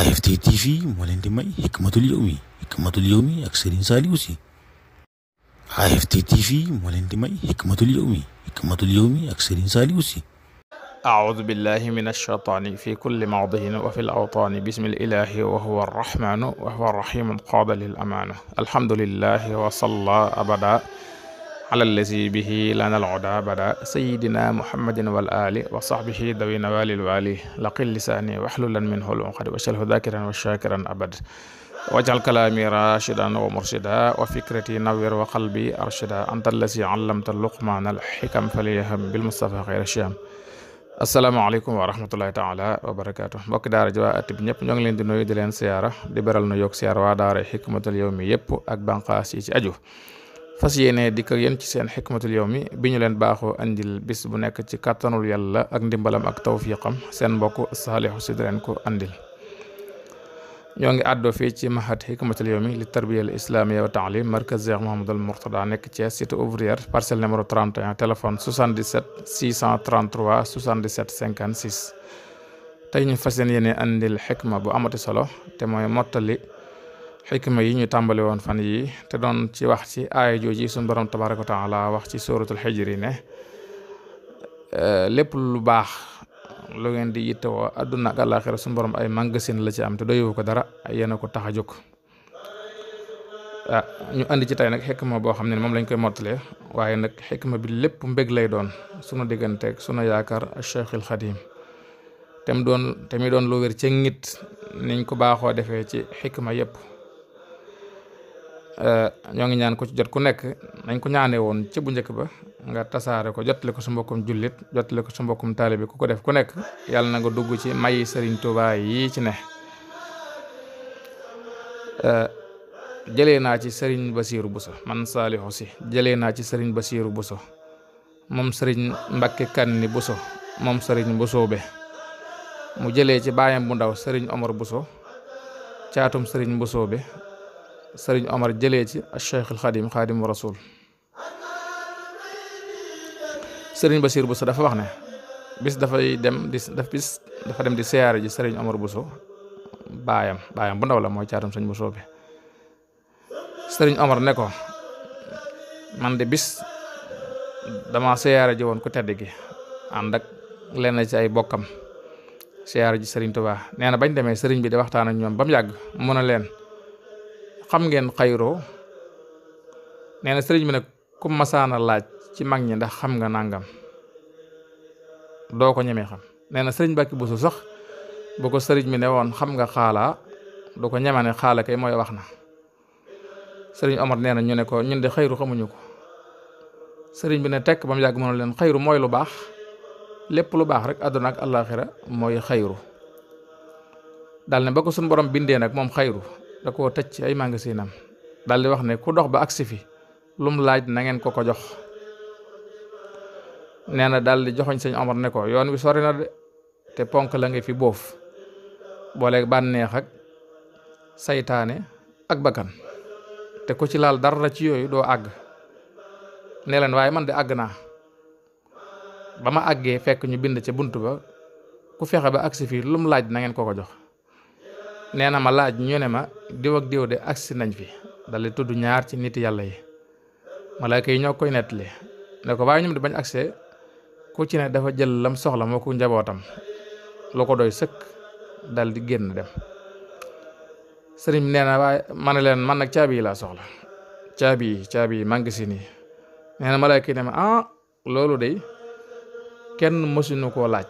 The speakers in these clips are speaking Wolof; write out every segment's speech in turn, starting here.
AFT TV moo leen di may Hikmatul Yawmi Hikmatul Yawmi ak Serigne Saliou Sy AFT TV moo leen di may Hikmatul Yawmi Hikmatul Yawmi ak Serigne Saliou Sy أعوذ بالله من الشيطان في كل موضع وفي الأوطان بسم الإله وهو الرحمن وهو الرحيم قاد للأمانة الحمد لله وصلى أبدا alallasi bihi lanal oda bada sayidina muhammadin wal ali wa sahbihi dawi nawalil wali laqil lisaani waxlulan min hul unqadi wacalhu dakiran wa shakiran abad wajal kalaami rashidan wa murshida wa fikrati nawir wa qalbi arshida anta allasi allamta luqmaana alxikam falyaham bilmustafa xayra sham asalaamaaleykum wa rahmatullahi taala wa barakaatu mbokki daara ji waa atib ñëpp ñoo ngi leen di nuyu di leen siyaara di beral nu yokk siyaar waa daara xikmatul yawmi yëpp ak banqaas yi ci aju fas yéene dikk ak yéen ci seen xikmatul yawmi bi ñu leen baaxoo andil bis bu nekk ci kàttanul yàlla ak ndimbalam ak tawfiqam seen mbokk saalihu si leen ko andil ñoo ngi àddoo fii ci mahad xikmatul yawmi li tarbiyal islamiya wa taalim markaz Cheikh Mouhamadul Mourtada nekk ci cité ouvrière parcelle numéro 31 téléphone 77 633 77 56 tey ñu fas yéene andil xikma bu amati solo te mooy mottali xikma yi ñu tàmbali woon fan yi te doon ci wax ci aaya jooji suñu borom tabaraka tam taala wax ci suratul xijr yi ne eh, lépp lu baax lu ngeen di yittewoo àdduna ak àllaaxira suñu borom ay magasin la ci am te doyoo ko dara yéen a ko tax a jóg ah, ñu andi ci tey nag xikma boo xam ne moom lañ koy mottalee waaye nag xikma bi lépp mbég lay doon sunu digganteeg sunu yaakaar Cheikhul Xadim te mu doon te doon lu wér ca ngit niñ ko baaxoo defee ci xikma yëpp. Eh, ñoo ngi ñaan ko ci jot ku nekk nañ ko ñaanee woon ci bu njëkk ba nga tasaare ko jotale ko su mbokkum jullit jotale ko su mbokkum taalibe ku ko def ku nekk yàlla na nga dugg ci may Serigne Touba yi ci ne eh, jëlee naa ci Serigne Bassirou Bousso man Salihu si jëlee naa ci Serigne Bassirou Bousso moom Serigne Mbacké Kanni Bousso moom sëriñ Bousso be mu jëlee ci baayam bu ndaw Serigne Omar Bousso caatum sëriñ Bousso be sëriñ Omar jëlee ci Cheikhul Xadim Xadimu Rasul sëriñ Basiir Bousso dafa wax ne bis dafay dem di daf bis dafa dem di siyaare ji sëriñ Omar so baayam baayam bu ndaw la mooy caatam sëñ Bousso bi sëriñ Omar ne ko man de bis dama siyaare ji woon ku tedd gi ànd ak leen lenn ci ay bokkam siyaare ji sëriñ Tuubaa nee na bañ demee sëriñ bi di waxtaan ak ñoom ba mu yàgg mun a leen. xam ngeen xayroo nee na sëriñ bi nag ku masaana laaj ci mag ñi ndax xam nga nàngam doo ko ñemee xam nee na sëriñ Mbàkke Buso sax bu ko sëriñ bi ne woon xam nga xaala doo ko ñemane xaala kay mooy wax na sëriñ Omar nee na ñu ne ko ñun de xayru xamuñu ko sëriñ bi ne tekk ba mu yàgg mënu leen xayru mooy lu baax lépp lu baax rek àdduna ak àllaaxira mooy xayru dal ne ba ko suñu borom bindee nag moom xayru da koo tëj ci ay magasinam daal di wax ne ku dox ba agsi fi lum laaj nangeen ko ko jox nee na daal di joxoñ sëñ Omar ne ko yoon wi sori na de te ponk la nga fi boof booleeg bànneex ak saytaane ak bakkan te ku ci laal dara ci yooyu doo àgg ne leen waaye man de àgg naa ba ma àggee fekk ñu bind ca bunt ba ku fexe ba agsi fii lum laaj na ngeen ko ko jox nee na ma laaj ñu ne ma diw ak diw de agsi nañ fi daldi tudd ñaar ci nit yàlla yi malaaka yi ñoo koy nettali ne ko waaye ñoom di bañ agsee ku ci ne dafa jël lam soxla moo ku njabootam lu ko doy sëkk dal di génn dem sëriñ bi nee na waaye ma ne leen man nag caabi yi laa soxla caabi yi caabi yi maa si nii nee na malaaka kii ne ma ah loolu de kenn mësuñu koo laaj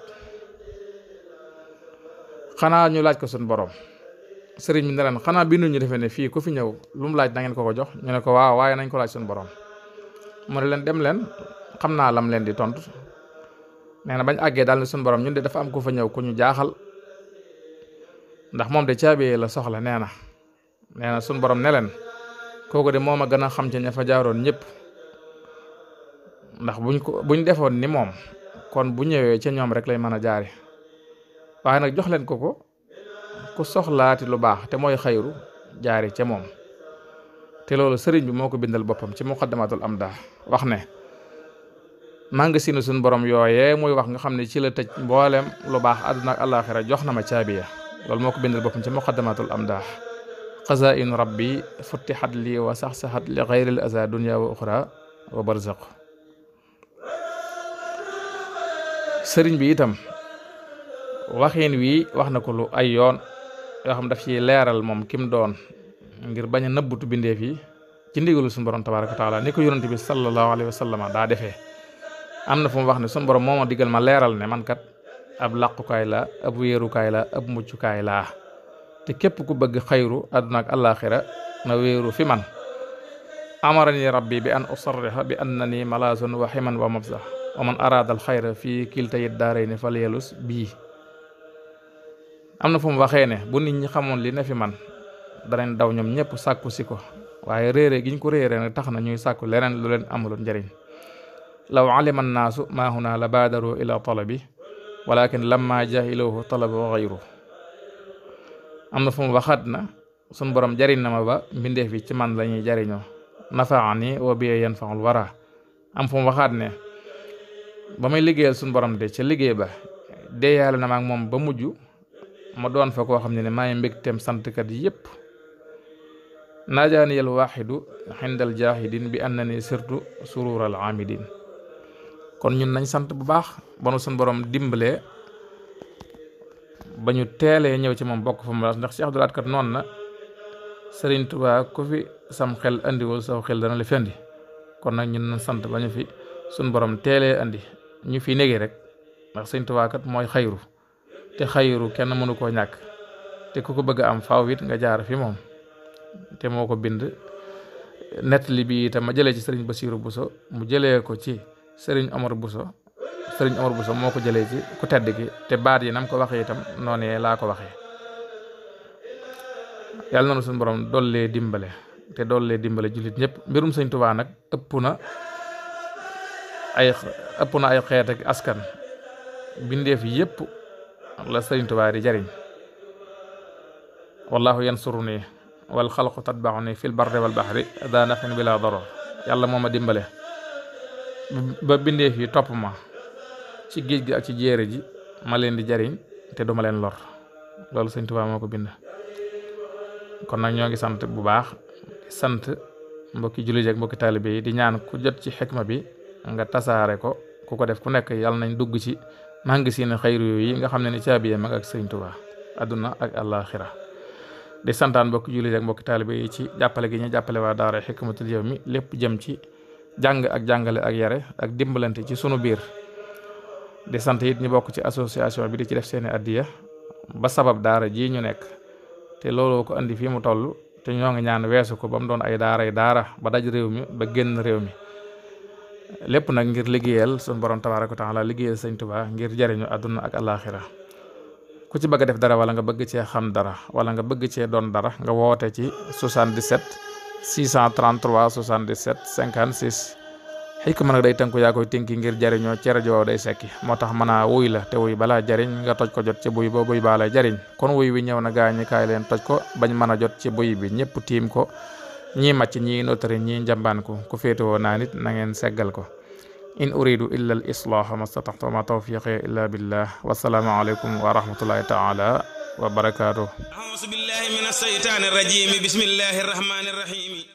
xanaa ñu laaj ko suñ boroom sëriñ bi ne xanaa bii bindu ñu defee ne fii ku fi ñëw lu mu laaj na ngeen ko ko jox ñu ne ko waaw waaye nañ ko laaj suñu borom mu ne leen dem leen xam naa lam leen di tontu nee na bañ àggee daal ne suñu borom ñun de dafa am ko fa ñëw ku ñu jaaxal ndax moom de caabi la soxla nee na nee na suñu borom ne leen kooku de moom a gën a xam ci ña fa jaaroon ñëpp ndax buñ ko buñ defoon ni moom kon bu ñëwee ca ñoom rek lay mën a jaari waaye nag jox leen ko ko ku soxlaati lu baax te mooy xayru jaari ce moom te loolu sëriñ bi moo ko bindal boppam ci muqaddamatul am daa wax ne màngasinu suñ borom yooyee muy wax nga xam ne ci la tëj mboolem lu baax àdduna ak àllaaxira jox na ma caabiya loolu moo ko bindal boppam ci muqaddamatul am daa xazaa'inu rabbi futtixat lii wa sax-saxat li xayril aza dunya wa uxra wa barzaq sëriñ bi itam waxin wi wax na ko lu ay yoon yoo xam daf ciy leeral moom kim doon ngir bañ a nëbbutu bindeef yi ci ndigalu suñu borom tabaaraka taala ni ko yonante bi sallallahu alayhi wa sallam daa defee am na fu mu wax ne suñu borom moo ma digal ma leeral ne man kat ab làqukaay la ab wéerukaay la ab muccukaay laa te képp ku bëgg xayru aduna ak àllaaxira na wéeru fi man amarani rabbi bi an usarriha bi annani malaasun wa himan wa mabsa wa man araada xayra fii kiltayit daarayni falyalus bii am na fu mu waxee ne bu nit ñi xamoon li ne fi man danañ daw ñoom ñëpp sàkku si ko waaye réere giñ ko réere na tax na ñuy sàkku leneen lu leen amuloon njëriñ law alima annaasu maa huna la baadaru ila talabi walakin lamma jahiluhu talaba xayru am na fu mu waxaat na suñ borom jariñ na ba mbindeef yi ci man la ñuy jariñoo nafaani wa biye yan faxul wara am fu mu waxaat ne ba may liggéeyal suñ borom de ca liggéey ba deeyaale na ma ak moom ba mujj mu doon fa koo xam ne ne maay mbégteem santkat yépp naajaani yal waaxidu xindal jaahidin bi am na ne surtout surural amidin kon ñun nañ sant bu baax ba nu suñ borom dimbalee ba ñu teelee ñëw ci moom mbokk fa mu ndax Cheikh Abdou Lahad kat noonu na Serigne Touba ku fi sam xel andiwul saw xel dana la fi kon nag ñun nañ sant ba ñu fi suñ borom teelee indi ñu fi négee rek ndax Serigne kat mooy xayru te xayru kenn mënu koo ñàkk te ku ko bëgg am faw it nga jaar fi moom te moo ko bind nettali bi itam ma jëlee ci sëriñ Basiiru Buso mu jële ko ci sëriñ Omar Buso sëriñ Omar Buso moo ko jëlee ci ku tedd gi te baat yi nam ko waxee itam noonee laa ko waxee yàlla noonu suñ borom dollee dimbale te dollee dimbale jullit ñëpp mbirum sëñ Tubaa nag ëpp na ay ëpp na ay xeet ak askan la sëriñ Tuubaa di jariñ wallahu yansuru nii wal xalqu tatbaxu nii fil barri wal baxri daa nafin bila darar yàlla moo ma dimbale ba bindeef yi topp ma ci géej gi ak ci jéere ji ma leen di jariñ te duma leen lor loolu sëriñ Tuubaa moo ko bind kon nag ñoo ngi sant bu baax sant mbokki jullit ak mbokki taalibe yi di ñaan ku jot ci ma bi nga tasaare ko ku ko def ku nekk yàlla nañ dugg ci maa ngi seen xayru yooyu nga xam ne ne caabi yam ak sëriñ Tuubaa àdduna ak àllaaxira di santaan mbokki jullit ak mbokki taalibe yi ci jàppale gi ñu jàppale waa daara Hikmatul Yawmi lépp jëm ci jàng ak jàngale ak yare ak dimbalante ci sunu biir di sant it ñu bokk ci association bi di ci def seeni addiya ba sabab daara jii ñu nekk te looloo ko indi fii mu toll te ñoo ngi ñaan weesu ko ba mu doon ay daara yi daara ba daj réew mi ba génn réew mi lépp nag ngir liggéeyal suñu borom tax taala liggéeyal sëñ Tuubaa ngir jariñu àdduna ak alaaxira ku ci bëgg def dara wala nga bëgg cee xam dara wala nga bëgg cee doon dara nga woote ci 77 633 77 56 ma nag day tënku yaa koy tënki ngir jariñoo ci rajo day sekki moo tax mën a wuy la te wuy balaa jariñ nga toj ko jot ci buy ba buy baa lay jariñ kon wuy wi ñëw na gaañi kaay leen toj ko bañ mën a jot ci buy bi ñëpp tiim ko ñii màcc ñii notari ñii njambaan ko ku féetewoo naa nit na ngeen seggal ko in uridu illa al islaaha mastataxtu ma tawfiqi illa billah wasalaamu aleykum wa rahmatullahi taala wa barakaatuh auzu billahi min asheytaani rajim bismillahi rahmani rahim